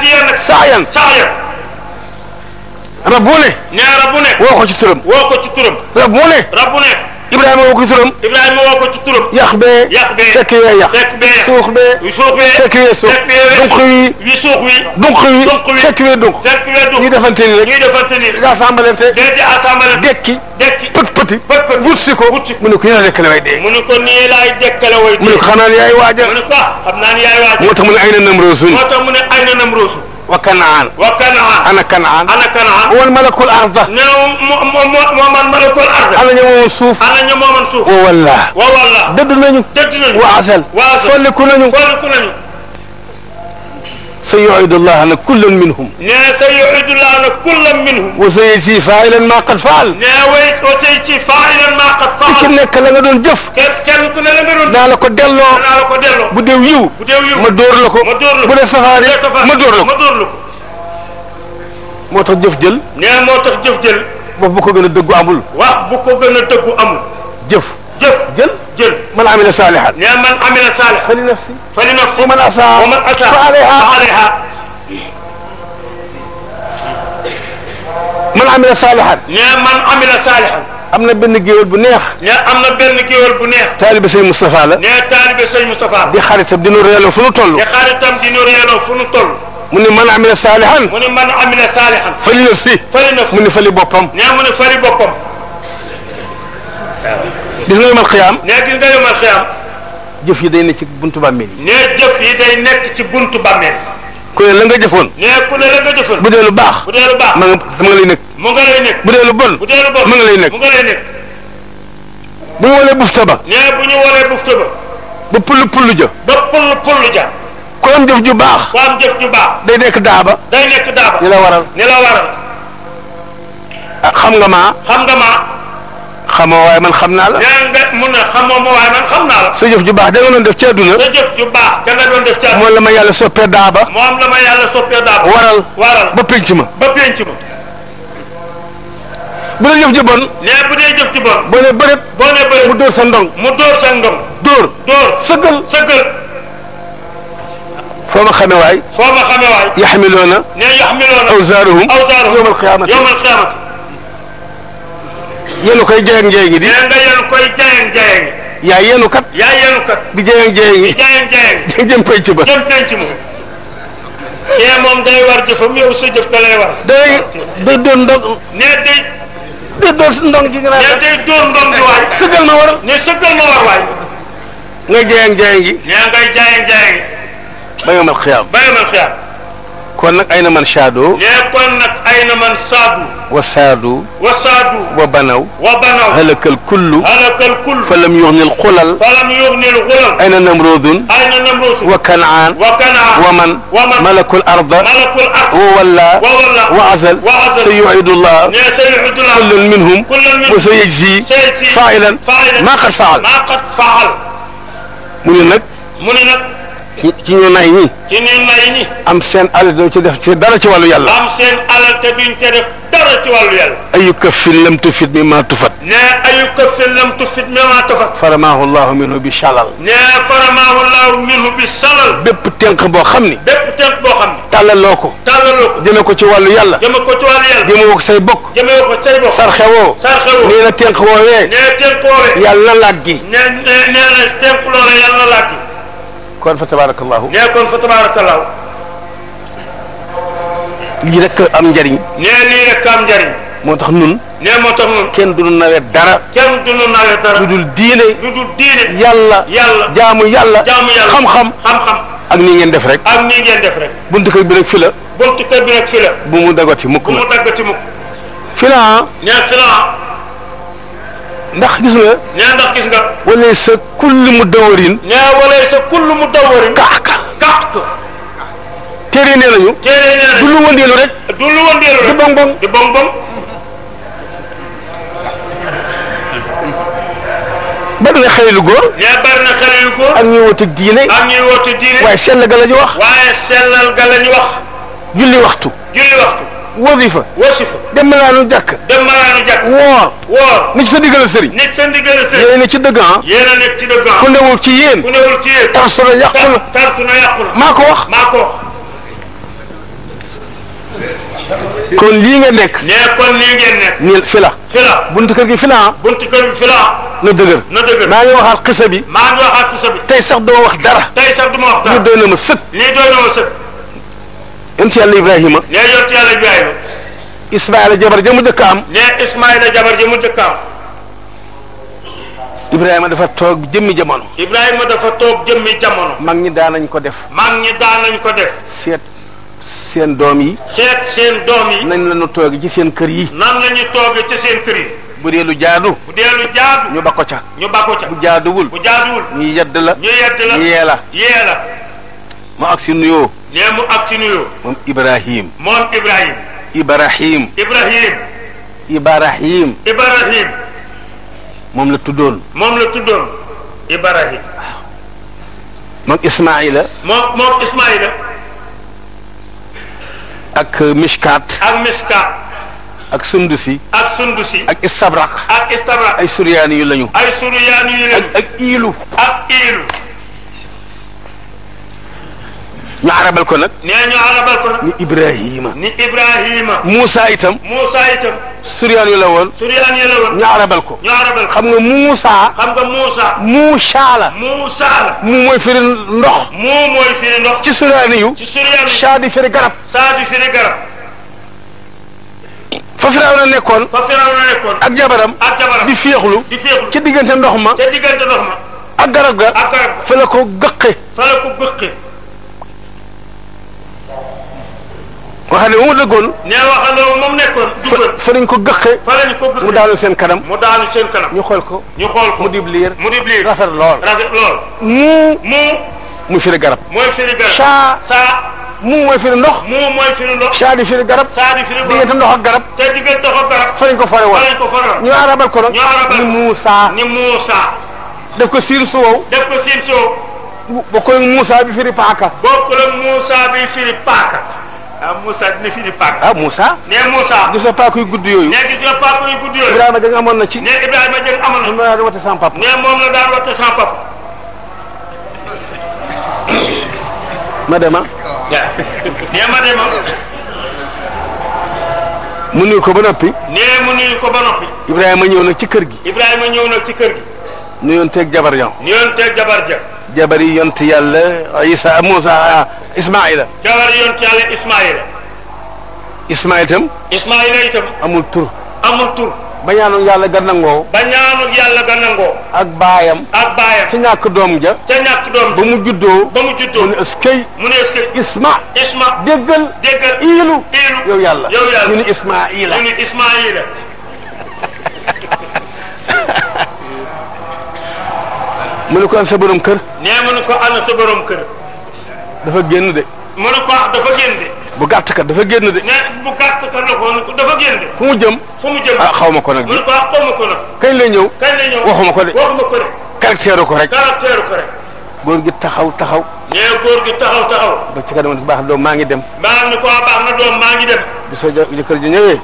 atiya nag. saayan saayan. rab bu ne. nee rab bu ne. woo ko ci turam. woo ko ci turam. rab bu ne. rab bu ne. Ibrahima woo ko ci turam. Ibrahima woo ko ci turam. yax bee. yax bee fekk yee yax. fekk bee yax suux bee. suux bee fekk yee suux. fekk yee suux dunq yi. yi suux yi. dunq yi dunq yi fekk yee dunq. fekk yee dunq ñuy defante ni rek. ñuy defante ni rek. daa sàmbalante. déet di assembalante. dekki. dekki pët pëti. pët pëti wut si ko. wut si ko mu ne ko yéen a dekkale way dee. mu ne ko nii laay dekkale way dee. mu ne ko xanaa yaay waajal. mu ne ko ah, xam naa ni yaay waajal. moo tax mu ne ay na nam roosu. moo tax mu ne ay na nam roosu. وكنعان وكنعان أنا كنعان أنا كنعان هو الملك الأرض من ملك الأرض أنا نمو منسوف أنا نمو منسوف ووالله ووالله دد نجو دد نجو وعسل وعسل صلي كنا نجو صلي كنا نجو سيعيد الله لكل منهم نا سيعيد الله لكل منهم وسيجزي فاعلا ما قد فعل نا وسيجزي فاعلا ما قد فعل ku ci nekk la nga doon jëf kenn ku ne la nga doon naa la ko delloo naa la ko delloo bu deew yiw bu deew yiw ma dóor la ko ma dóor la ko bu dee safaari ma dóor la ko ma dóor la ko moo tax jëf jël nee moo tax jëf jël wax bu ko gën a dëggu amul wax bu ko gën a dëggu amul jëf jëf jël jël man amila saalihan nee man amila saalihan fa li nafsi fa li nafsi wa man asaa wa man asaa fa alayha fa alayha man amila saalihan nee man amila saalihan am na benn géwél bu neex. ne am na benn géwél bu neex. taalibe sëñ Moustapha la. ne taalibe sëñ Moustapha. di xaritam di nu réeloo fu nu toll. di xaritam di nu réeloo fu nu toll. mu ne man amila saalihan. mu ne man amila saalihan. fali nafsi. fali nafsi mu ne fali boppam. ne mu ne fali boppam. gis nga yomal xiyaam. ne gis nga jëf yi day nekk ci buntu bàmmeel yi. ne nekk ci buntu bàmmeel. ku ne la nga jëfoon. ne ku ne la nga jëfoon. bu dee lu baax. bu dee baax ma nga ma lay nekk. mu nga lay nekk. bu dee lu bon. bu dee lu ma nga lay nekk. mu nga lay bu ñu walee bufta ba. ne bu ñu walee bufta ba. ba pullu pullu ja. ba pullu ja. ku am jëf ju baax. baax. day nekk daaba. day nekk daaba. ni la waral ni la waral. ah xam nga maa. xam nga maa. xamoo waaye man xam naa la. nee nga mun a xamoo ma waaye man xam naa la. sa jëf ju baax da nga doon def ci àdduna. sa jëf ju baax da nga doon def ci àdduna. moom la ma yàlla soppee daaba. moom la ma yàlla soppee daaba. waral waral ba penc ma. ba penc ma. bu dee jëf ju bon. nee bu dee jëf ju bon. boo nee bërëb. boo nee bërëb mu dóor sa ndong. mu dóor sa ndong. dóor dóor sëggal sëggal. foo ma xamee waay. foo ma xamee waay. yaxmiloona. nee yaxmiloona. awzaaruhum. awzaaruhum yawmal qiyaamati yéen koy jeyang jeyang di. nee na yéen koy jeyang jeyang. yaa yéenu kat. yaa yéenu kat. di jeyang jeyang. di jeyang jeyang. da lay kon nag ay na man saado. nee kon nag ay na man saadu. wa saadu. wa saadu. wa banaw. wa banaw halakal kullu. halakal kullu. fa lam yuxnil xulal. fa lam yuxnil xulal. ay na namrodun. ay na namrodun. wa kanaan. wa kanaan. wa man. wa man malakul arda. malakul arda. wa wallaa. wa wallaa. wa azal. wa azal. sa yuidullah. nee sa yuidullah. kullun minhum. kullun minhum. wa sa yajzi. sa yajzi. failan. failan. maa qad faal. maa qad faal. mu ne nag. mu ne nag. ci ci ñu nay ñi. ci ñu nay ñi. am seen alal te duñ ci def ci dara ci wàllu yàlla. am seen alal te duñ ci def dara ci wàllu yàlla. ayu kafin lam tufit mi maa tufat. nee ayu kafin lam tufit mi maa tufat. faramaahu llahu minhu bi salal. nee faramaahu llahu minhu bi salal. bépp tënk boo xam ni. bépp tënk boo xam ni. tàllaloo ko. tàllaloo ko jëme ko ci wàllu yàlla. jëme ko ci wàllu yàlla. jëme ko say bokk. jëme ko say bokk. sarxewoo. sarxewoo nee na tënk woowee. nee tënk woowee. yàlla làggi. nee nee nee na tënk loola yàlla làggi kon fa tabarakallahu nee kon fa tabarakallahu lii rek am njariñ nee lii rek am njariñ moo tax nun nee moo tax nun kenn du nu nawee dara kenn du nu nawee dara lu dul diine lu dul diine yàlla yàlla jaamu yàlla jaamu yàlla xam-xam xam-xam ak nii ngeen def rek ak nii ngeen def rek buntu kër bi rek fi la buntu kër bi rek fi la bu mu dagati mukk bu mu dagati mukk fi la nee fi la ndax gis nga. ñaa ndax gis nga. wala sa kullu mu dawarin. ñaa wala sa kullu mu dawarin. kàq. kàq. téere nee nañu. téere nee nañu du lu wëndeelu rek. du lu wëndeelu rek di bong bong di bong bong. bari na xale yu góor. ñaa bari na xale yu góor. ak ñuy woote diine. ak ñuy woote diine. waaye sellal ga la ñu wax. waaye sellal ga la ñu wax. julli waxtu. julli waxtu. wasifa wasifa dem malaanu jàkk dem malaanu jàkk woor woor nit sa diggal sëriñ nit sa diggal sëriñ yéen a nekk ci dëgg ah yéen a nekk ci dëgg ah. ku newul ci tarsu na yàqu maa ko wax maa ko wax kon lii ngeen nekk nee kon ngeen nekk nii fi la fi la buntu kër gi fi la ah. buntu kër gi fi la na dëgër na maa ngi waxaat xisa bi maa ngi waxaat xisa tey sax duma wax dara tey sax duma wax dara yonent yàlla Ibrahima. nee yàlla Ibrahima. Ismaayla jabar ja mu dëkk am. nee Ismaayla jabar ja mu Ibrahima dafa toog jëmmi jamono. Ibrahima dafa toog jëmmi jamono. mag ñi daan nañ ko def. mag ñi daan nañ ko def. seet seen doom yi. seet seen doom yi. nañ la ñu toog ci seen kër yi. nan la ñuy toog seen kër yi. bu dee lu jaadu. bu dee ñu bakko ca. ñu bakko ca bu jaaduwul. bu jaaduwul ñu yedd la. ñu yedd la ñu yee nuyoo. nee mu ak ci nuyoo. moom Ibrahim. moom Ibrahim. Ibrahim. Ibrahim. Ibrahim. Ibrahim. moom la tuddoon. moom la tuddoon Ibrahim. waaw moom Ismaïla. moom moom Ismaïla. ak Mishkaat. ak Mishkaat. ak sundusi ak sundusi ak istabrak ak istabrak ay suryaani yu lañu ay suryaani yu lañu ak ak iilu ak iilu ñu arabal ko nag. nee ñu arabal ko nag. ni Ibrahima. ni Ibrahima. Moussa itam. Moussa itam. Suryaan yu la yu la ñu arabal ko. ñu arabal ko xam nga Moussa. mu mooy firi ndox. mu mooy firi ndox. ci Suryaan yu. ci Suryaan yu. saa di firi garab. saa di firi garab. fa Firawna nekkoon. fa ak jabaram. ak jabaram di ci diggante ndox ma. ca diggante ak garab ga. fa la ko gëqe. fa la ko gëqe. wax ne moom dëggoon. nee wax ne moom nekkoon. duggoon fa lañ ko gëqee. fa lañ ko gëqee mu daanu seen kanam. mu daanu seen kanam. ñu xool ko. ñu xool ko mu dib liir. mu dib liir rafet lool. rafet lool. mu. mu. muy firi garab. mooy firi garab saa. saa. mu mooy firi ndox. mu mooy firi ndox. saa di firi garab. saa di firi diggante ndox ak garab. te diggante ndox ak garab. fa lañ ko fare woon fa lañ ko fare woon. ñu arabal ko nag. ñu arabal ni Muusaa. ni Muusaa. def ko siin su wow. def ko siin su wow. bokkul ak Muusaa bi firi paaka. bokkul ak Muusaa bi firi paaka. a ah, Moussa dina fi di paak. ah Moussa. nee yu gudd yooyu. nee gis nga amoon na ci. nee Ibrahima Dieng amoon na ci. moom la daan woote sans papa. ma dem ah. ma dem ah. mu nuyu ko ba noppi. nee mu nuyu ko ba noppi. Ibrahima ñëw nag ci kër gi. Ibrahima ñëw nag ci kër gi. nuyoon teeg jabar jabar ja. jabari yont yàlla isa Moussa Ismaïla. jabari yont yàlla Ismaïla. Ismaïla itam. Ismaïla itam. amul tur. amul tur. ba ñaanug yàlla gannangoo. ba ñaanug yàlla gannangoo. ak baayam. ak baayam. ca ñàkk doom ja. ca ñàkk doom ja. ba mu juddoo. ba mu juddoo mu ne eskay. mu ne eskay. isma. isma déggal. déggal iilu. iilu yow yàlla. yow yàlla ñu ni Ismaïla. ñu ni Ismaïla. mu ne ko an sa borom kër. nee mu ne ko an sa borom kër. dafa génn de. mu ne ko ah, dafa génn de. bu gàtt kat dafa génn de. nee bu gàtt kat la ko génn de. fu mu jëm. fu mu jëm ah xaw ma ko nag. mu ne ko ah, xaw ma ko nag. kañ la ñëw. kañ la waxuma ko de. waxuma ko de. caractère ko rek. caractère ko rek. góor gi taxaw taxaw. nee góor gi taxaw taxaw. ba ci kanam baax na doom maa ngi dem. baax na quoi doom maa ngi dem. bu sa jëkkër ji ñëwee.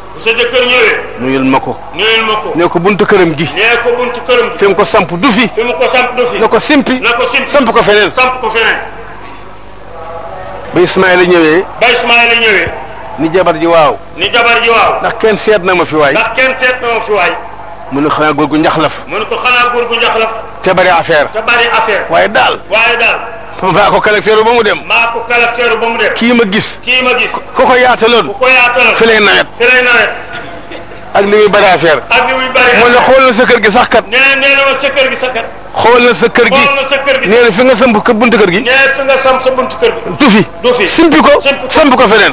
bu nuyul ma ko. nuyul ma ko. nee ko buntu këram gi. nee ko buntu këram ko samp du fi. ko samp du na ko simpi. na ko simpi samp ko feneen. samp ko feneen. ba Ismaïla ñëwee. ba Ismaïla ñëwee. ni jabar ji waaw. ni jabar ji waaw. ndax kenn seet na ma fi waay. kenn seet na ma mu ne xanaa góor gu njaxlaf. mu ne ko xanaa góor gu njaxlaf. affaire. te bari waaye daal. maa ko collecteur ba mu dem. maa ko collecteur ba mu dem. kii ma gis. kii ma gis ku ko yaataloon. ku ko yaataloon fi lay nawet. fi lay nawet. ak li muy bari affaire. ak li muy bari affaire. mu ne xoolal sa kër gi sax kat. nee na nee na ma sa kër gi sax kat. xool na sa kër gi nee na fi nga kër gi. nee na fi nga ko samp ko feneen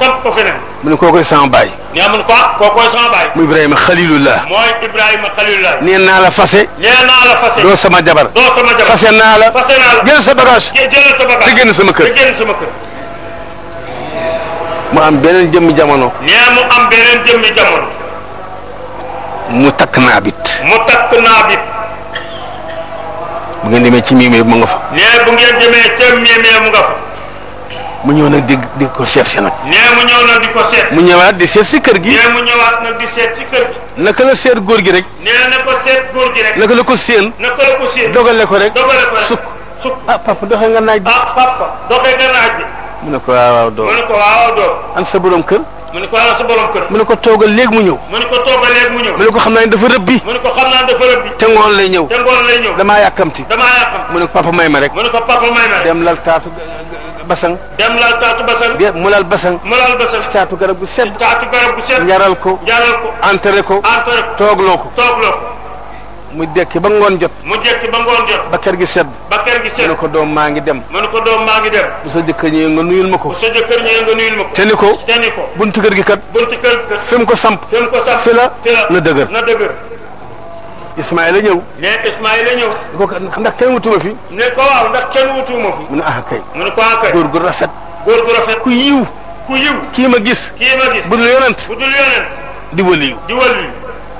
samp ah, mu Ibrahima Xalilullah. la fase. nee naa la fase. doo sama jabar. sama jabar fase naa la. sa bagage. jël sa bagage kër te génn sama mu am beneen jëmmi jamono. nee mu takk naabit. mu takk naabit. bu ngeen demee ci miimee mu nga fa. nee ngeen demee ca miimee mu nga fa. mu ñëw nag di di ko seet si nag. nee mu ñëw nag di ko seet. mu ñëwaat di seet si kër gi. nee mu ñëwaat nag di seet si kër naka la seet góor gi rek. nee na ko seet góor gi naka la ko séen. naka la ko séen ko rek. dogale ko rek sukk sukk. ah papa doxee nga naaj bi. ah papa mu ne ko waaw waaw doom ko waaw an sa borom kër. mu ne ko ana sa mu ne ko toogal léegi mu ñëw mu ne ko toogal léegi mu xam naa ne dafa rëbbi ko xam naa ne dafa rëbbi te ngoon lay ñëw te ngoon mu ne ko papa may ma rek mu ne ko papa may ma rek dem lal taatu basang taatu basang ge mu lal basang mu lal basang ci taatu garab gu sedd taatu garab njaral ko njaral ko enterré ko enterré ko toogloo ko toogloo ko mu dekki ba ngoon jot mu dekki ba ngoon jot ba kër gi sedd ba kër gi sedd mu ne ko doom maa ngi dem mu ne ko doom maa ngi dem bu sa jëkkër ñëwee nga nuyul ma ko bu sa ko te ni ko te ko buntu kër gi kat buntu kër gi kat ko samp fi mu ko samp fi la na dëgër na dëgër Ismaïla ñëw ne Ismaïla ñëw ko ndax kenn wutuma fi ne ko waaw ndax kenn wutuma fi mu ne ah kay mu ne ko ah kay góor gu rafet góor gu rafet ku yiw ku yiw kii ma gis kii ma gis bu dul yonent bu dul di waliyu di waliyu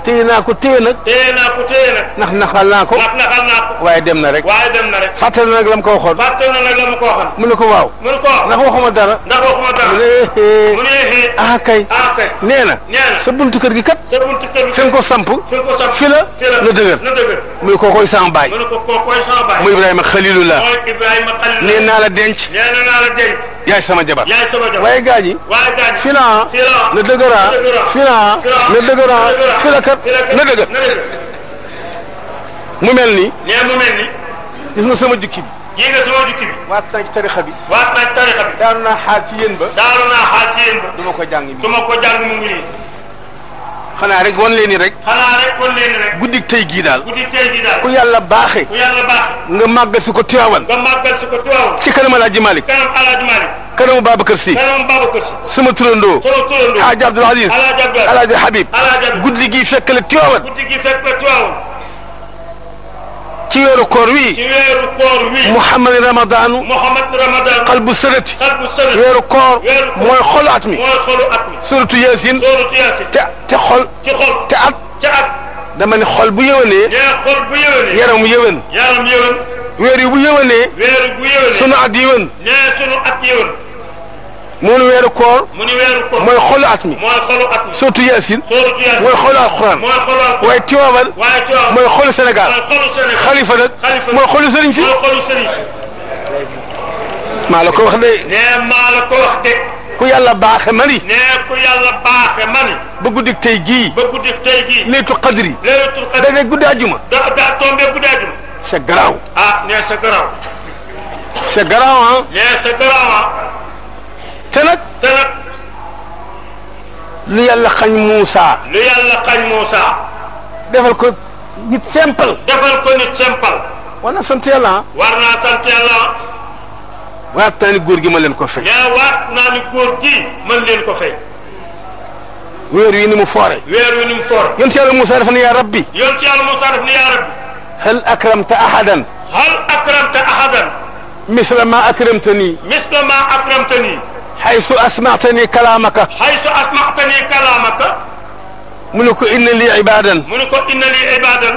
téye naa ko téye nag. téye naa ko téye nag. ndax naxal naa ko. ndax naxal naa ko. waaye dem na rek. waaye dem na rek. fàttali na nag la mu ko waxoon. fàttali na nag la mu ko waxoon. mu ne ko waaw. mu ne ko waaw ndax waxuma dara. ndax waxuma dara. mu ne. mu ne. Eh. Ah, ah kay nee na sa buntu kër gi kat fi nga ko samp fi la la dëgër muy kookoy sama baay muy Ibrahima Xalilullah nee naa la denc yaay sama jabar waaye gaa ñi fi la la dëgëraa fi la la dëgëraa dëgër mu mel ni gis nga sama jukki kii nga sama jukki bi. waat naa ci tarixa bi. waat naa ci tarixa bi. daanu naa xaal ci yéen ba. daanu naa xaal ci yéen ba. du ma ko jàng mi du ma ko jàng mu ngi nii. xanaa rek wan leen ni rek. xanaa rek wan leen ni rek. guddik tey gii daal. guddik tey gii daal. ku yàlla baaxee. ku yàlla baaxee. nga màggal si ko Tiwaawan. nga màggal si ko Tiwaawan. ci kanam Alaaji Malick. kanam Alaaji Malick. kanamu Babacar Sy. kanamu Babacar Sy. sama turandoo. sama turandoo. Alaaji Abdoul Aziz. Alaaji Abdoul Aziz. Alaaji Habib. Alaaji Habib. guddi gii fekk la Tiwaawan. guddi gii fekk la Tiwaawan. ci weeru koor wi ci weeru koor wi Muhammad Ramadanu Muhammad Ramadanu qalbu sërëti qalbu sërëti weeru koor mooy xolu at mi mooy xolu at mi suratu Yaasin suratu Yaasin te te xol ci xol te at te at dama ne xol bu yëwënee xol bu yëwënee yaram yëwën yaram yëwën weer yi bu yëwënee weer bu yëwënee sunu at yëwën nee sunu at yëwën mu ni weeru koor. mu ni weeru koor mooy xolu at mi. mooy xolu at mi surtout Yaasin. surtout Yaasin mooy xolu alxuraan. mooy xolu alxuraan waaye Tiwaawan. waaye Tiwaawan mooy xolu Sénégal. mooy xolu Sénégal xalifa nag. xalifa mooy xolu sëriñ si. mooy xolu sëriñ si. maa la ko wax de. nee maa la ko wax de. ku yàlla baaxe mani. nee ku yàlla baaxe mani. ba guddik tey gii. ba guddik tey gii. leetu xadri. leetu xadri da ngay guddi àjjuma. da daa tombé guddi àjjuma. c'est garaaw. ah nee c'est garaaw. c'est garaaw ah. nee c'est garaaw ah. te nag te nag lu yàlla xañ Moussa lu yàlla xañ Moussa defal ko nit simple defal ko nit simple war naa sant yàlla ah. war naa sant yàlla waat naa ni góor gi ma leen ko fay mais waat naa ni góor gi mën leen ko fay weer wi ni mu foore weer wi ni mu foore yonent yàlla Moussa daf ne yaa rabbi yonent yàlla Moussa daf ne yaa rabbi hal akramta ahadan hal akramta ahadan misla ma akramtani misla ma akramtani xaysu asmaatani kalaamaka. xaysu asmaatani kalaamaka. mu ne ko inna lii ibaadan. mu ne ko inna lii ibaadan.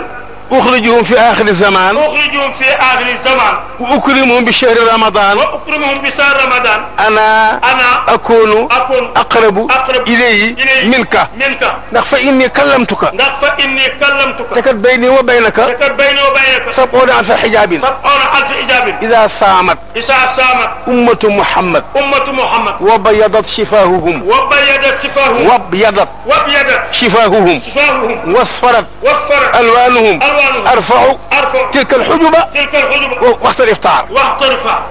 uxrijuhum fi axiri zaman. uxrijuhum fi axiri zaman. wa ukrimuhum bi chahri ramadan. wa ukrimuhum bi chahri ramadan. ana. ana akunu. akunu aqrabu. aqrabu ilayhi minka. minka ndax fa inni kallamtuka. ndax fa inni kallamtuka. te kat bayni wa baynaka. te kat bayni wa baynaka. sab'una alfa xijaabin. sab'una alfa xijaabin. idaa saamat. idaa saamat. ummatu muhammad. ummatu muhammad. wa bayadat shifaahuhum. wa bayadat shifaahuhum. wa abyadat. wa abyadat. shifaahuhum. shifaahuhum. wasfarat. wasfarat alwaanuhum. أرفع تلك الحجبة وقت الإفطار وقت الإفطار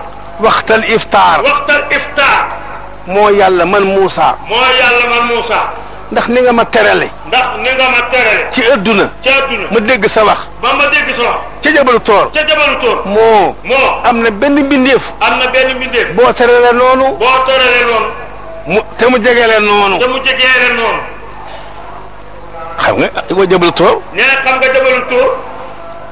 وقت الإفطار وقت الإفطار moo yàlla man Moussa. moo yàlla man Moussa. ndax ni nga ma terale. ndax ni nga ma terale. ci adduna. ci adduna ma dégg sa wax. ba ma dégg sa wax. ca jabalu toor. ca jabalu toor. moo. moo am na benn mbindeef. am na benn mbindeef. boo terale noonu. boo terale noonu. mu te mu jegele noonu. te mu jegele noonu. xam nga wa jabal tóor. nee na xam nga jabalul tóor.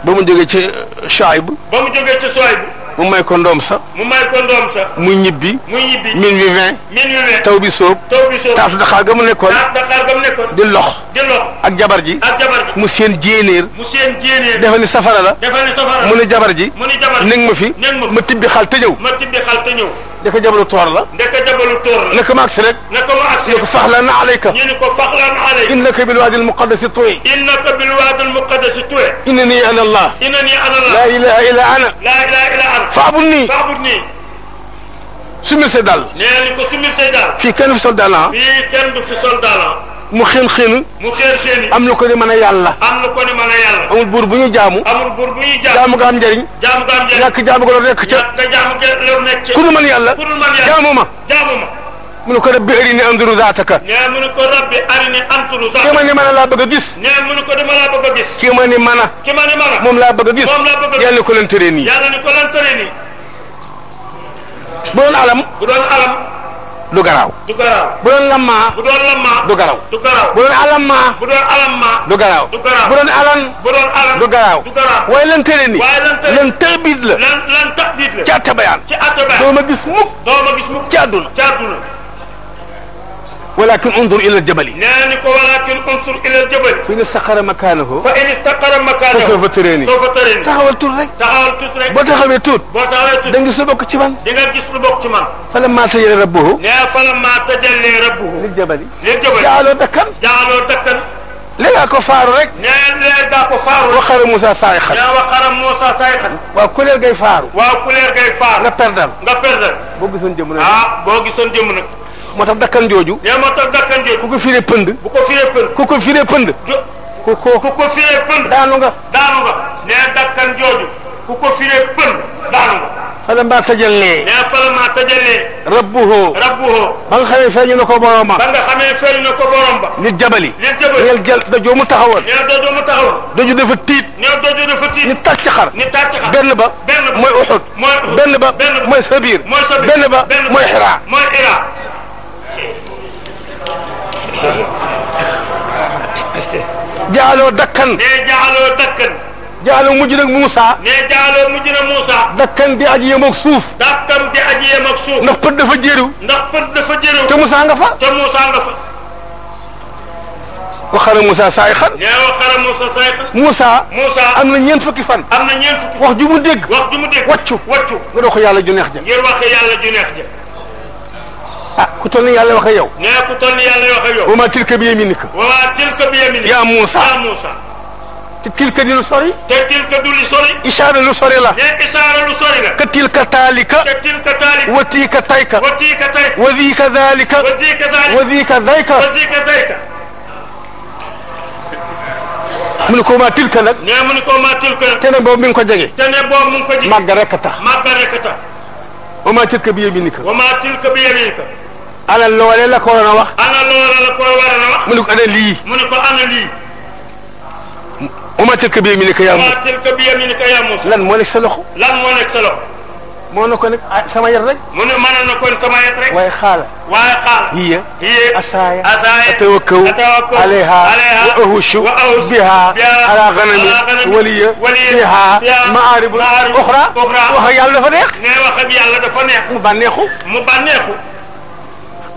ba mu jógee ci Shuayb. ba mu jógee ci Shuayb. mu may ko ndoom sa. mu may ko ndoom sa. mu ñibbi. mu ñibbi min wi vingt. min wi vingt taw bi sóob. taw bi sóob taatu daxaar ga mu nekkoon. taatu daxaar ga mu nekkoon. di lox. di lox ak jabar ji. ak jabar ji mu seen jéenéer. mu seen jéenéer. dafa ni safara la. dafa ni safara la mu ni jabar ji. mu ni jabar ji nekk ma fi. nekk ma fi ma tibbi xal te ñëw. ma tibbi xal te ñëw. ndeka jabalu toor la ndeka jabalu toor la naka ma agsi rek naka ma agsi rek faxlan alayka ñu ni ko faxlan alayka innaka bil wadi al muqaddasi tuwi innaka bil wadi al muqaddasi tuwi innani ana allah innani ana allah la ilaha illa ana la ilaha illa ana faabudni faabudni sumil say dàll nee ni ko sumil say dàll fii kenn du fi sol dàll ah. fii kenn du fi sol dàll mu xeen xeenu mu xeen xeenu am lu ko ni mën a am lu ko ni mën a yàlla bu ñu jaamu amul buur bu ñu jaamu jaamu nga am njëriñ jaamu nga am njëriñ ñàkk jaamu ma jaamu ma mu ne ko rabbi arini ma ni mën a a gis a gis a a a a du garaaw. du bu doon lammaa. bu doon lammaa. du bu doon a bu doon alammaa. du garaaw. du garaaw bu doon alan. bu doon alan. du lan tëre lan tëre lan la. lan lan tëbiit ci attabayaan. ci attabayaan doo ma gis mukk. doo ma ci àdduna. ci àdduna. walakin unzur ila aljabali nee ni ko walakin unzur ila aljabali fa in istaqara makanahu fa in istaqara makanahu fa sawfa tareeni sawfa tareeni taxawal tuut rek taxawal tuut rek boo taxawee tuut boo taxawee tuut da nga gis lu bokk ci man di nga gis lu bokk ci man falamma tajalla rabbuhu nee falamma tajalla rabbuhu lil jabali lil jabali jaaloo dakkan jaaloo dakkan léegi ko faaru rek. nee leer daa ko faaru. waxara Moussa Saay xan. nee waxara Moussa Saay xan. waaw kuleer gay faaru. waaw kuleer gay faaru. nga perdal. nga perdal. boo gisoon jëmm nag. ah boo gisoon jëmm nag. moo tax dakkan jooju. nee moo tax dakkan jooju. ku ko firee pënd. bu ko firee pënd. ku ko firee pënd. ku ko ku ko firee pënd. daanu nga. daanu nga nee dakkan jooju. ku ko firee pënd daanu nga. falammaa tajallee. nee falammaa tajallee. rabbuhu. rabbuhu. ba nga xamee feeñu na ko borom ba. ba nga xamee feeñu na ko borom ba. nit jabali. nit jabali ñeel jël dojoo mu taxawoon. ñeel dojoo mu taxawoon. doju dafa tiit. ñeel doju dafa tiit. ñu tàcc xar. ñu tàcc xar benn ba. benn ba mooy uxut. mooy uxut benn ba. benn ba mooy sabir. mooy sabir benn ba mooy xiraa. mooy xiraa. jaaloo dakkan. nee jaaloo dakkan. jaaloo mujj nag Moussa. nee jaaloo mujj na Moussa. dakkan di aji yem ak suuf. dakkan di aji yem ak suuf. ndax pët dafa jëriw. ndax pët dafa jëriw. te Moussa nga fa. te Moussa nga fa. waxara Moussa saay xar. nee waxara Moussa saay xar. Moussa. Moussa am na ñeent fukki fan. am na ñeent fukki fan wax ju mu dégg. wax ju mu dégg wàccu. wàccu nga dox yàlla ju neex ja. ngir wax yàlla ju neex ja. ah ku toll ni yàlla wax ak yow. nee ku toll ni yàlla wax ak yow. wa maa tilka bi yaminika. wa maa tilka bi yaminika. yaa Muusa yaa Muusa. te tilka di lu sori. te tilka du li sori. isaara lu sori la. nee isaara lu sori la. ka tilka taalika. ka tilka taalika. wa tiika tayka. wa tiika tayka. wa diika daalika. wa diika daalika. wa diika dayka. wa diika dayka. mu ne ko maa tilka nag. nee mu ne ko maa tilka nag. te ne boobu mi ngi ko jege. te ne boobu mi ngi ko jege. màgg rek a tax. màgg rek a tax. wa maa tilka bi yaminika. wa maa tilka bi yaminika. ana loole la ko waroon a wax. ana loole la ko waroon a wax. mu ne ko ana lii. mu ne ko ana lii. uma tilka bi yaminika yaa Muusaa. uma tilka bi yaminika yaa Muusaa. lan moo nekk sa loxo. lan moo nekk sa loxo. moo ne ko nag ah, sama yar rek. mu ne mën na ko sama yar rek. waaye xaala. waaye xaala. hiya. hiya asaaya. asaaya atawakkaw. atawakkaw alayha. alayha wa ahushu. wa ahushu biha. biha ala ganami. waliya. waliya fiha. fiha maarib uxra. uxra wax ak yàlla dafa neex. nee wax ak yàlla dafa neex. mu bànneexu. mu bànneexu.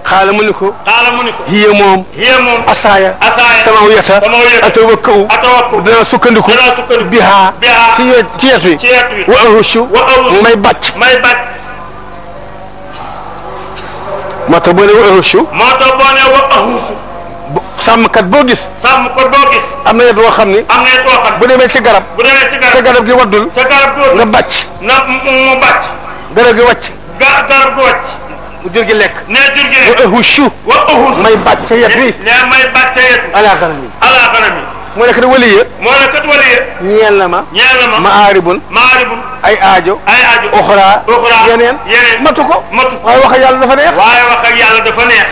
xaala mu ni ko xaala mu ni ko hiya moom hiya moom asaaya asaaya sama wiyata sama wiyata atawakkaw atawakkaw dinaa sukkandiku dinaa sukkandiku bihaa bihaa ci yet ci yet wi ci yet wi wa arushu wa arushu may bàcc may bàcc moo tax boo ne wa arushu moo tax boo ne wa arushu sàmmkat boo gis sàmmkat boo gis am na yet woo xam ni am na yet woo xam bu demee ci garab bu demee ci garab te garab gi waddul te garab gi nga bàcc na mu bàcc garab gi wàcc garab gi wàcc jur gi lekk. nee jur gi lekk wa ahushu. wa ahushu may bàcc yet bi. nee may bàcc yet bi. ala ganami. ala ganami. moo nekk di waliya. moo nekk di waliya. ñeel na ma. ñeel na ma maaribun. maaribun. ay aajo. ay aajo uxraa. uxraa yeneen. yeneen matu ko. matu ko waaye wax ak yàlla dafa neex. waaye wax ak yàlla dafa neex.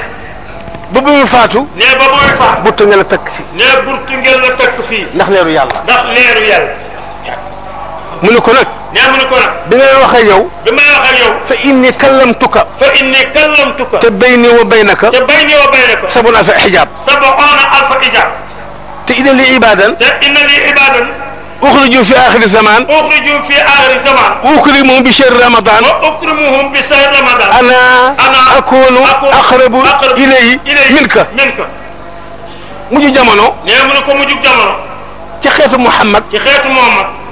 ba muy faatu. nee ba muy faatu. burtu ngeen la takk si. nee burtu ngeen la takk fii. ndax leeru yàlla. ndax leeru yàlla. mu ne ko nag. nee mu ne ko nag. bi nga wax ak yow. bi may wax ak yow. fa inni kallamtuka. fa inni kallamtuka. te bayni wa baynaka. te bayni wa baynaka. sab'una alfa xijaab. sab'una alfa xijaab. te inna li ibaadan. te inna li ibaadan. uxriju fi axiri zaman. uxriju fi axiri zaman. ukrimuhum bi shahri ramadan. wa ukrimuhum bi shahri ramadan. ana. ana akunu aqrabu ilayhi minka. minka. mujj jamono. nee mu ne ko mujj jamono. ci xeetu Muhammad. ci xeetu Muhammad.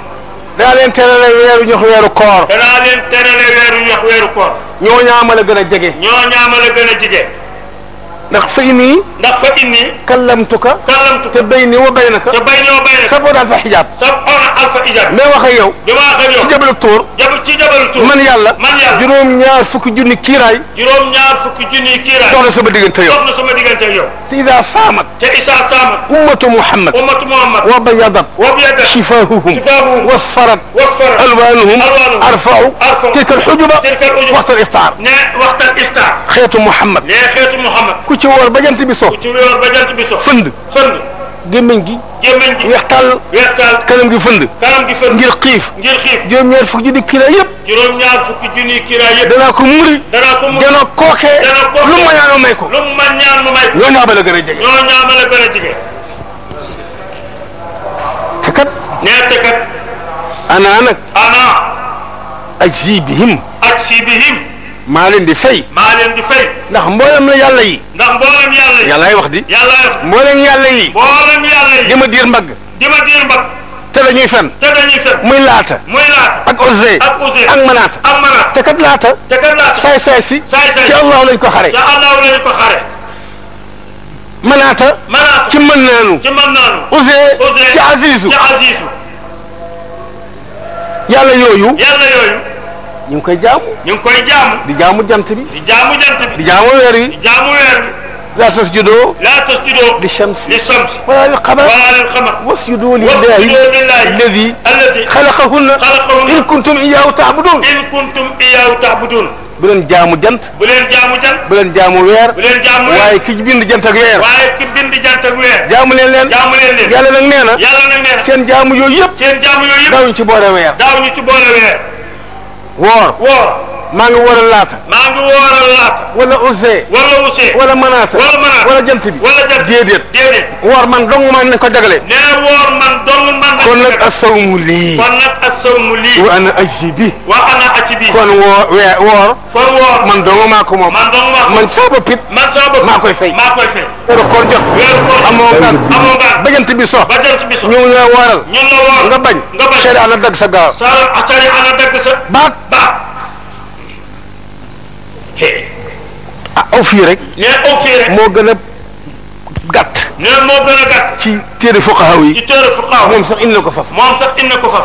danaa leen terale weeru ñox weeru koor. danaa leen terale weeru ñox weeru koor. ñoo ñaama la gën a jege. ñoo ñaama la gën a jege. ndax fa inni. ndax fa inni. kallamtuka. kallamtuka te bayni wa baynaka. te bayni wa baynaka. saboon alfa xijaab. saboon alfa xijaab. mais wax ak yow. bi ma wax ak yow ci jabalu tuur. jabal ci jabalu tuur. man yàlla. man yàlla juróom ñaar fukki junni kiiraay. juróom ñaar fukki junni kiiraay. dox na sama diggante yow. dox na sama diggante yow. te Isa saamat. te Isa saamat. ummatu Muhammad. ummatu Muhammad. wa bayadat. wa bayadat. shifahuhum. shifahuhum. wasfarat. wasfarat. alwanuhum. alwanuhum. arfau. arfau. tilka alxujuba. tilka alxujuba. waxtal iftaar. ne waxtal iftaar. xeetu Muhammad. ne xeetu Muhammad. ci woor ba jant bi so. ku ci woor ba jant bi so. fënd. fënd. gémmiñ gi. gémmiñ gi weex tàll. weex tàll. kanam gi fënd. kanam gi fënd. ngir xiif. ngir xiif juróom-ñaar fukki junni kira yëpp. juróom-ñaar fukki junni kira yëpp. danaa ko muri. danaa ko muri danaa kookee. danaa kookee lu mu ma ñaan ma may ko. lu mu ma ñaan ma may ko. ñoo ñaaba la gën a jege. ñoo ñaaba la gën a jege. te kat. nee te kat. ana nag. ana. ak sii bihim. ak sii bihim. maa leen di fay. maa ndax mboolem la yàlla yi. yàlla ay yàllaay wax di. yàlla yi. mboolem yàlla yi. jëma diir mbagg. jëma diir mbagg. te dañuy fen. te dañuy fen. muy laata. muy laata ak osé. ak manaata. ak manaata te laata. saay saay si. ci allahu lañ ko ko xare. manaata. ci mën naanu. ci ci azizu. yàlla yooyu. ñu ngi koy jaamu. ñu ngi koy jaamu. di jaamu jant bi. di jaamu jant bi. di jaamu weer wi. di jaamu weer wi. laa tasjudoo. laa tasjudoo. li shams. li shams. wala lil qamar. wala lil qamar. wasjudoo lillahi. alladi. alladi xalaqahunna. xalaqahunna. in kuntum iyaahu taabudun. in kuntum iyaahu taabudun. bu leen jaamu jant. bu leen jaamu jant. bu leen jaamu weer. bu leen jaamu weer waaye ki bind jant ak weer. waaye ki bind jant ak weer. jaamu leen leen. jaamu leen leen. yàlla nag nee na. yàlla nag nee na. seen jaamu yooyu yëpp. seen jaamu yooyu yëpp. daawuñu ci boole weer. daawuñu ci boole weer. woor woor maa ngi wooral laata. maa ngi wooral laata. wala Ousseyn. wala Ousseyn. wala Manaata. wala Manaata wala jant bi. wala jant bi déedéet. déedéet. woor man dong man nañ ko jagale. nee woor man dong man nañ ko jagale. kon nag asawmu lii. kon nag asawmu lii. wa ana aji bi. wa ana aji bi. kon woo wee woor. kon woor man dong maa ko moom. man dong maa ko moom man saa bopp it. man saa bopp maa koy fay. maa koy fay. weeru koor jot. weeru koor jot amoo ngaan. amoo ngaan ba jant bi so. ba jant bi so ñu la wooral. ñu la wooral nga bañ. nga bañ. sariya ana dagg sa gaaw. sariya ana dagg sa baat baat aw fii rek. nee aw moo gën a gàtt. nee moo gën a gàtt. ci téere fuqaaw yi. ci téere fuqaaw moom sax indi ko faf. moom sax indi ko faf.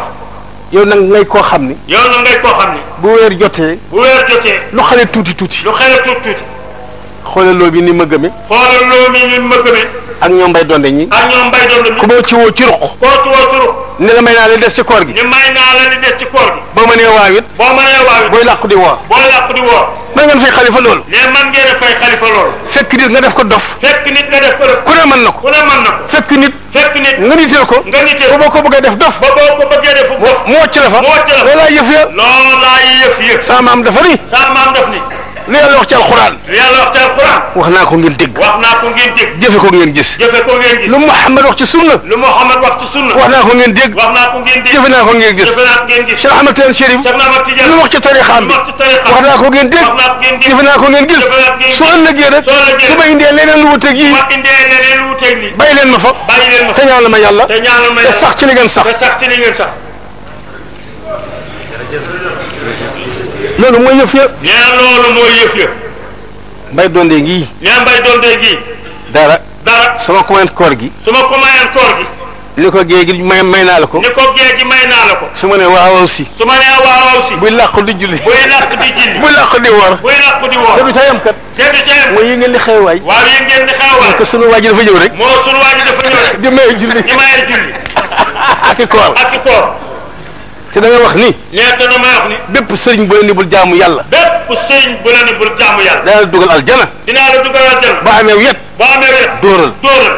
yow nag ngay koo xam ni. yow nag ngay koo xam ni. bu weer jotee. bu weer jotee. lu xale tuuti tuuti. lu xale tuuti ni ma gëmee. xoolaloo bi ni ma gëmee. ak ñoom mbay donde ñi. ak ñoom mbay donde ñi. ku ma ci woo ci ruq. koo ci woo ci ruq. ne la may naa la des ci koor gi. ne may naa la li des ci koor boo mënee waawit. boo mënee waawit. booy làqu di woor. man ngeen fay fekk nit nga def ko dof. fekk nit nga def ko dof. ku ne mën na ko. ku ne mën na ko. fekk nit. fekk nit nga niteel ko. nga niteel ko ba boo ko bëggee def dof. ba boo ko bëggee def dof. mu wàcc la ya. loolaa yëf ya. sa maam dafa ni. sa maam daf ni. lu yàlla wax ci alxuraan. lu yàlla wax ci alxuraan. wax naa ko ngeen dégg. wax naa ko ngeen dégg. jëfe ko ngeen gis. jëfe ko ngeen gis. lu Muhammad wax ci sunna. lu Muhammad wax ci sunna. wax naa ko ngeen dégg. wax naa ko ngeen dégg. jëfe naa ko ngeen gis. jëfe naa ko ngeen gis. Cheikh Ahmed Tidiane Chérif. Cheikh Ahmed Tidiane lu wax ci tariixaam bi. wax naa ko ngeen dégg. wax naa ko ngeen dégg. jëfe naa ko ngeen gis. jëfe naa ko ngeen gis. soo ëllëgee nag. soo ëllëgee su ma indee leneen lu wuteeg yii. ma indee leneen lu wuteeg lii. bàyyi leen ma fa. bàyyi leen ma fa te ñaanal ma yàlla. te ñaanal ma yàlla te sax ci li ngeen sax. te sax ci li ngeen sax. loolu mooy yëf ya. nee na loolu mooy yëf ya. mbay dondee ngii. dara. dara sama commande koor gi. sama commande koor gi. ni ko may naa la ko. ni ko géej gi naa la ko. su ma ne waaw si. su ma nee waaw buy làq di julli. buy làq di julli. buy làq di woor. buy làq di woor. te du ca yi ngeen di xeewaay. waaw yi ngeen di xeewaay. parce que sunu waa ji dafa ñëw rek. moo sunu waa ji dafa ñëw rek. di may julli di may julli. ak i koor ak i koor. te da ngay wax ni. nee te damay wax ni. bépp sëriñ bu la ni bul jaamu yàlla. bépp sëriñ bu la ni bul jaamu yàlla. dinaa la dugal aljana. dinaa la dugal aljana. boo amee yet. boo amee yet dóoral. dóoral.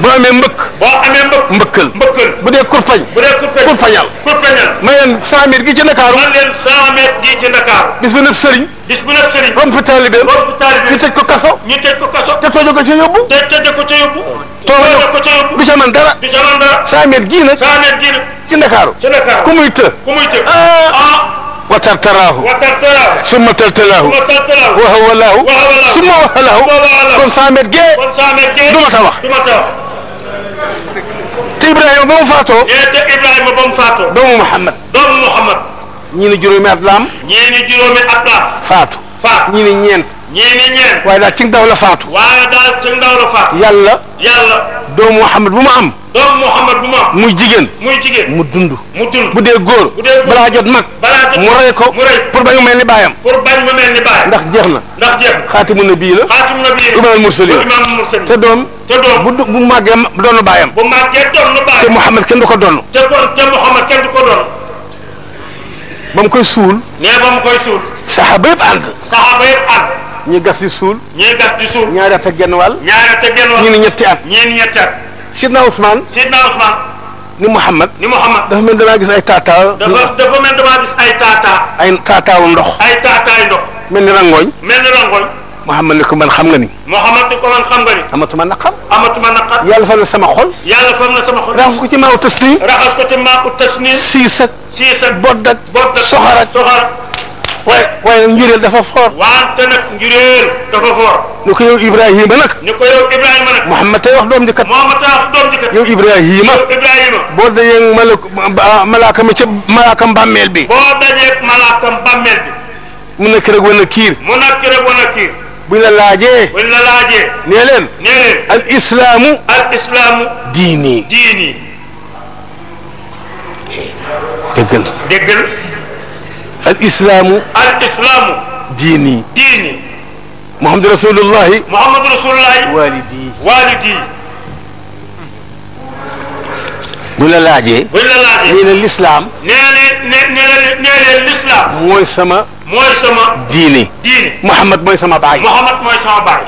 boo amee mbëkk. boo amee mbëkk. mbëkkal. mbëkkal bu dee kurfañ. bu dee kurfañ kurfañal. kurfañal ma leen 100 mètres gi ci Ndakaaru. ma leen 100 mètres gi ci Ndakaaru. bis bu nëb sëriñ. bis bu nëb sëriñ. romb taalibe. romb taalibe ñu tëj ko kaso. ñu tëj ko kaso. te tëjee ko ca yóbbu. te tëjee ko ca yóbbu. to def ca du ca man dara du ca man dara cent mètres gii nag cent mètres gii nag ci Ndakaaru ci Ndakaaru ku muy të ku muy wax te mu faatoo te Ibrahima ba mu faatoo faat ñii ne ñeent. ñii ne ñeent. waaye daal ci ndaw la faatu. waaye daal ci ndaw la faatu. yàlla. yàlla doomu Muhammad bu ma am. doomu Muhammad bu ma am. muy jigéen. muy jigéen mu dund. mu dund bu dee góor. bu dee balaa jot mag. balaa jot mu rey ko. mu pour bañ mu mel ni baayam. pour bañ ndax jeex na. xaatimu nabii la. xaatimu nabii la imaamul mursaliin. imaamul mursaliin te doom. te doom bu bu màggee doonu baayam. bu màggee doonu baayam. te Muhammad kenn du ko doon. te kon te Muhammad kenn du ko doon. ba mu koy suul. nee ba mu koy suul. saxaaba yëpp ànd. saxaaba yëpp ànd. ñi gas di suul. ñi gas di suul. ñaari at ak genn wàll. ñaari at ak genn wàll. ñii ni ñetti at. ñii ni ñetti at. Sidna Ousmane. Sidna Ousmane. ni Muhammad. ni Muhammad. dafa mel damaa gis ay taataa. dafa dafa mel damaa gis ay ndox. ay taataayu ndox. mel ni rangooñ. mel ni rangooñ. Muhammad ni ko man xam nga ni. Muhammad ni ko man xam nga amatuma naqar. amatuma na sama xol. yàlla sama xol. raxas ko ci ko ci maa u tasniim. siis ak. siis ak waaye waaye njureel dafa foor. wante yow Ibrahima nag. ni ko yow Ibrahima nag. Mouhamad tey wax doom ji kat. Mouhamad tey wax doom ji kat. yow ma ca malaaka mbàmmeel bi. boo dajee malaaka mbàmmeel bi. mu nekk rek wala kiir. mu nekk rek al islaamu. al diini. diini. déggal. al islaamu. al islaamu. diini. diini. Muhammadu rasulullahi. Muhammadu rasulullahi. waalidi. waalidi. bu la laajee. bu la laajee nee na lislaam. nee na nee na lislaam. mooy sama. mooy sama. diini. diini. Muhammad mooy sama baay. Muhammad mooy sama baay.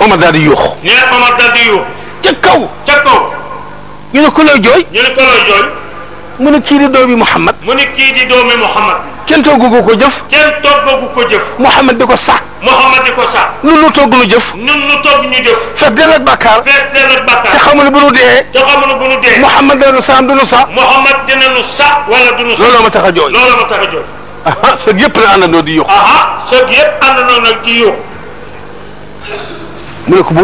Omar daal di yuux. nee na Omar daal di yuux. ca kaw. ca kaw. ñu ne ko looy jooy. ñu ne ko looy jooy. mu ne kii di doomi Muhammad. mu ne kii di doomi Muhammad. kenn toggagu ko jëf. kenn toggagu ko jëf. Muhammad di ko sàkk. Muhammad di ko sàkk. ñun ñu togg ñu jëf. ñun ñu togg ñu jëf. fekk dana bàkkaar. fekk dana bàkkaar. te xamul bu nu dee. te xamul bu nu dee. Muhammad dana nu saam du nu sax. Muhammad dina nu sax wala du nu sax. looloo ma tax a jooy. looloo ma tax a jooy. ah ah sëg yëpp la àndandoo di yóq. ah ah sëg yëpp àndandoo nag di yóq. malakul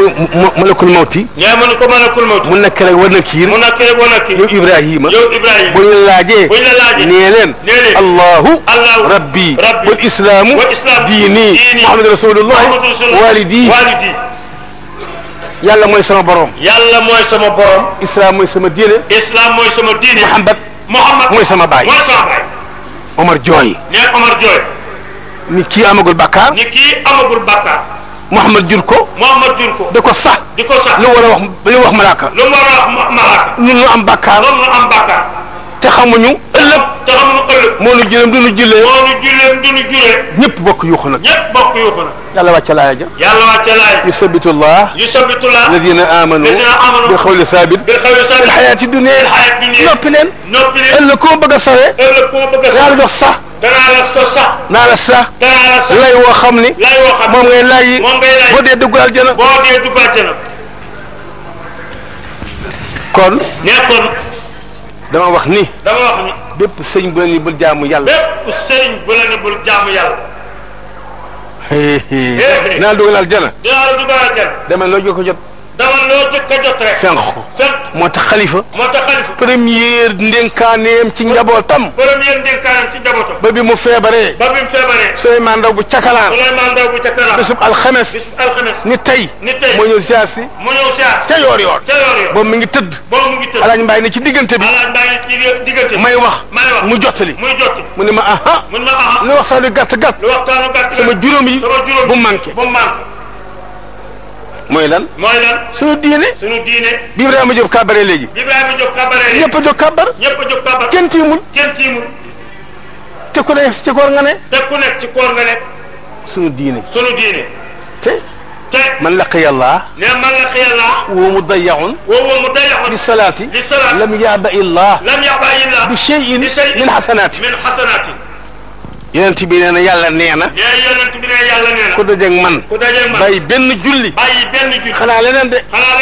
malakul mawti nee malakul malakul mawti mun nakir ak wa nakiir mun nakir ak wa nakiir yow Ibrahima yow Ibrahima buñ la laajee buñ la laajee nee leen nee leen allahu allahu rabbi wal islaamu wal islaamu diini muhammadu rasulullah walidi walidi yàlla mooy sama borom yàlla mooy sama borom islaam mooy sama diine islaam mooy sama diine muhammad muhammad mooy sama baay mooy sama baay Omar Jooy nee Omar Jooy ni kii amagul bàkkaar ni kii amagul bàkkaar Mouhamad jur ko. Mouhamad jur ko. di ko sax. di ko sax lu war a wax lu wax malaaka. lu war a wax malaaka. ñun ñu am bàkkaar. ñun ñu am bàkkaar. te xamuñu. ëllëg te xamuñu ëllëg. moo ñu jëleem du ñu jëlee. moo ñu jëleem du ñu jëlee. ñëpp bokk yuuxu nag. ñëpp bokk yuuxu nag. yàlla wàcce laaya ja. yàlla wàcce laaya ja. yusabitu llah. yusabitu llah. alladina amanu. alladina amanu. bil xawli saabit. bil xawli saabit. fil xayaati dunya. fil xayaati dunya. noppi leen. noppi leen. ëllëg koo bëgg a sawee. ëllëg koo bëgg a sawee. yàlla jox sax danaa la ko sax. naa lay woo xam ni. lay woo xam ni moom ngay laaj yi. boo dee dugg aljana. boo dee dugg aljana. kon. dama wax ni. dama wax ni. bépp sëñ bu la bul jaamu yàlla. bépp sëñ bu la ni bul jaamu yàlla. naa dugal aljana. dinaa la dugal aljana. demee ko jot. dawal loo jëkk a jot ko moo tax xalifa. moo tax xalifa. première ndénkaaneem ci njabootam. première ndénkaaneem ci njabootam. ba bi mu feebaree. ba bi mu feebaree. Souleymane Ndaw bu Cakalaan. Souleymane Ndaw bu Cakalaan. bisub alxames. bisub alxames. ni tey. ni tey moo ñëw siyaar si. moo ñëw siyaar ca yoor yoor. ca yoor yoor boobu mi ngi mu ngi tëdd Alaaji Mbaay ne ci diggante bi. Alaaji Mbaay ne may wax. may wax mu jottali. muy jottali mu ne ma aha. mu ne ma aha. lu waxtaanu gàtt gàtt. lu waxtaanu gàtt gàtt. sama juróom yi. sama juróom yi bu manqué bu manqué mooy lan mooy lan suñu diine suñu diine bi Ibrahima Diop kàbbaree léegi bi Ibrahima Diop kàbbaree léegi ñëpp a jóg kàbbar ñëpp a jóg kàbbar kenn tiimul kenn tiimul te ku nekk ci koor nga ne te ku nekk ci koor nga ne suñu diine suñu diine te te man laqiya Allah ne man laqiya Allah wa mudayya'un wa huwa mudayya'un li salaati li salaati lam ya'ba illah lam ya'ba illah bi shay'in min hasanati min hasanati yonent bi nee na yàlla nee na. yonent bi nee yàlla nee na. ku dajeeg man. ku dajeeg benn julli. bàyyi benn de. xanaa leneen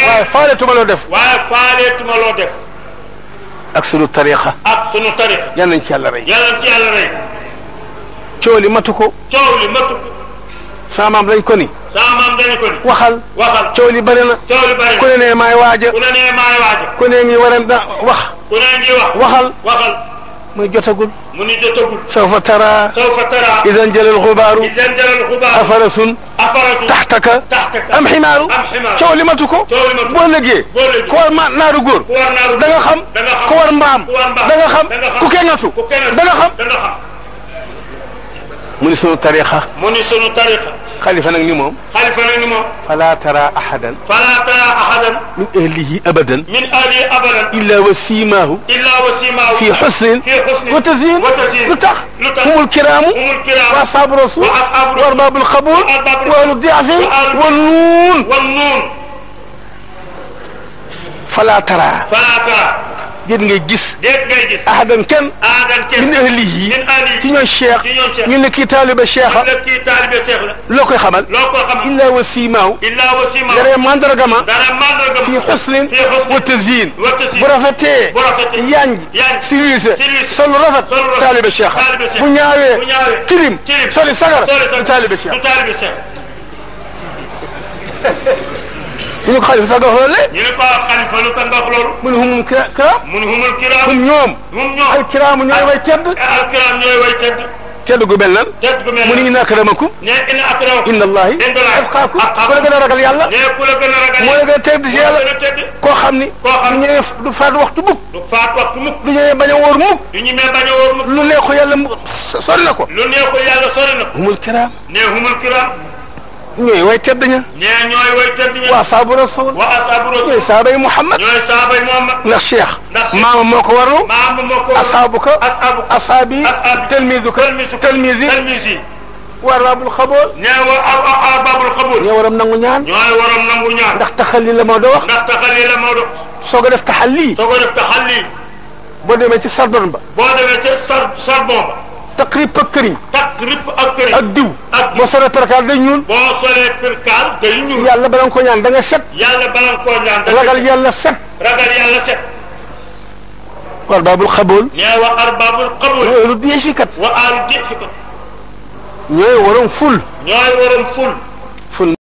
waaye faale tuma loo def. waaye faale tuma loo def. ak sunu tariqa. rey. yal nañ ci yàlla rey. coow li matu ko. coow li matu ko. saamaam dañ ko ni. saamaam dañ ko ni. waxal. waxal coow na. ku ne nee maay waaja. ku ne nee a wax. ku ne ngi wax. muy jotagul. mu ni jotagul. saw fa taraa. saw fa taraa. idan jëlal xubaaru. idan jëlal xubaaru. afarasun. afarasun taxtaka. taxtaka am ximaaru. am ximaaru coow limatu ko. coow limatu ko boo lëggee. boo lëggee ku war ma naaru góor. ku war naaru góor da nga xam. da nga xam ku war mbaam. ku war mbaam da nga xam. da nga xam ku kennatu. ku kennatu da nga xam. da nga xam. mu ni sunu tariixa. mu ni sunu tariixa. xalifa nag ni moom. xalifa nag ni moom. fala tara ahadan. fala tara ahadan. min ahlihi abadan. min ahlihi abadan. illa wa simaahu. illa wa simaahu. fi xusnin. fi xusnin wa tazyin. wa tazyin lu tax. lu tax humul kiraamu. humul kiraamu. wa ashaabu rasul. wa ashaabu rasul. wa arbaabul qabuul. wa arbaabul qabuul. wa ahlu diafi. wa ahlu wa nuun. wa nuun. fala tara. fala tara. déet ngay gis. déet ngay gis. ahadan kenn. ahadan kenn min ahli yi. min ahli yi ci ñooy cheikh. ñu ne kii taaliba cheikh la. kii taaliba cheikh la. loo koy xamal. loo koy xamal illaa wa siimaaw. illaa wa siimaaw. dara mandargama. dara mandargama. fii xusnin. fii xusnin wa tazyin. wa tazyin bu rafetee. bu rafetee yaañ. yaañ civilisé. civilisé sol rafet. sol rafet taaliba cheikh la. bu ñaawee. bu ñaawee tilim. tilim soli sagara. soli sagara du taaliba cheikh. du taaliba cheikh. ñu ne ko xalifa ah sax nga wax loolu ñu ne ko xalifa lu tax nga wax loolu mu ne humul kiraam mu ne humul kiraam hum ñoom hum ñoom al kiraam ñooy way tedd al kiraam ñooy way tedd tedd gu mel nan tedd gu mel nan mu ne inna akramakum ne inna akramakum inda allahi atqaakum ku la gën a ragal yàlla ne ku la gën a ragal moo la gën a tedd ci yàlla koo xam ni du ñëwee du faat waxtu mukk du faat waxtu mukk du ñëwee bañ a wóor mukk du ñëwee bañ a wóor mukk lu neexu yàlla sori na ko lu neexu yàlla sori na ko humul kiraam ne humul kiraam ñooy way tedd ña. ñee ñooy way tedd ña. waa saabu rasul. waa saabu rasul ñooy saabay Muhammad. ñooy saabay Muhammad. ndax Cheikh. ndax maama moo ko warlu. maama moo ko warlu asaabu ko. asaabu ko asaabi. asaabi telmisu ko telmisi telmisi. waa rabul xabool. a wa ab babul xabool. ñoo waram nangu ndax taxali la Maodo wax. ndax taxali la Maodo. soo ko def taxali. soo ko def taxali. boo demee ci sardon ba. boo demee ci sar sardon takrib ak këriñ. takrib ak këriñ. ak diw. ak diw boo solee perkaal day ñuul. boo solee perkaal day ñuul. yàlla bala nga koo ñaan da nga set. yàlla bala nga koo ñaan da nga ragal yàlla set. ragal yàlla set. wa arbaabul xabool. nee wa arbaabul xabool. loolu diye si kat. wa aalu diye si kat. ñooy waroon ful. ñooy waroon ful.